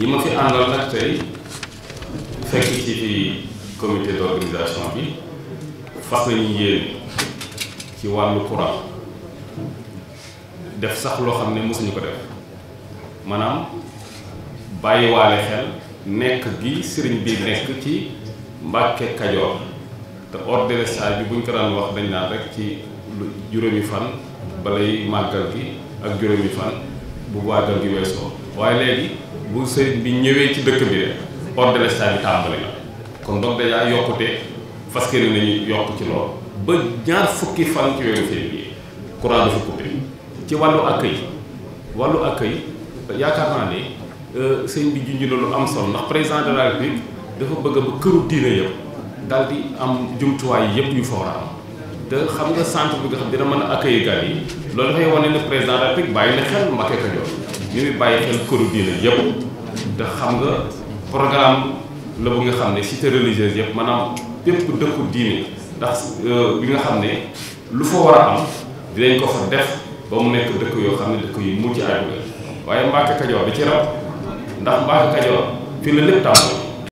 li ma fi àndal nag tey fekk ci fi d'organisation bi fas nañu yéen ci wàllu courant def sax loo xam ne mosuñu ko def maanaam bàyyiwaale xel nekk gi sëriñ bi nekk ci Mbàkke Kajoor te ordre saa bi buñ ko daan wax dañ naan rek ci juróomi fan balay màggal gi ak juróomi fan bu màggal gi weesoo waaye léegi bu sëriñ bi ñëwee ci dëkk bi de hors de l'État bi tàmbali la kon donc dèjà yokkute fas yéene nañu yokk ci lool ba ñaar fukki fan ci weeru février courant dafa coupé ci wàllu accueil wàllu accueil yaakaar naa ne euh, sëriñ bi ju na lu am sol ndax président de la République dafa bëgg ba këru diine yëpp daal di am jumtuwaay yëpp yu fa te xam nga sant bi nga xam dina mën a accueillir gan yi loolu dafay wane ne président de la bàyyi na xel Mbacke Kajoor ñu ngi bàyyi xel këru diine da xam nga programme la bu nga xam ne cité religieuse yëpp maanaam bépp dëkku diine ndax euh, bi nga xam ne lu fa war a am dinañ ko fa def ba mu nekk dëkk yoo xam ne dëkk yu mucc ayib la waaye Mbacke Kajoor bi ci raw ndax Mbacke Kajoor fii la lépp tàmbali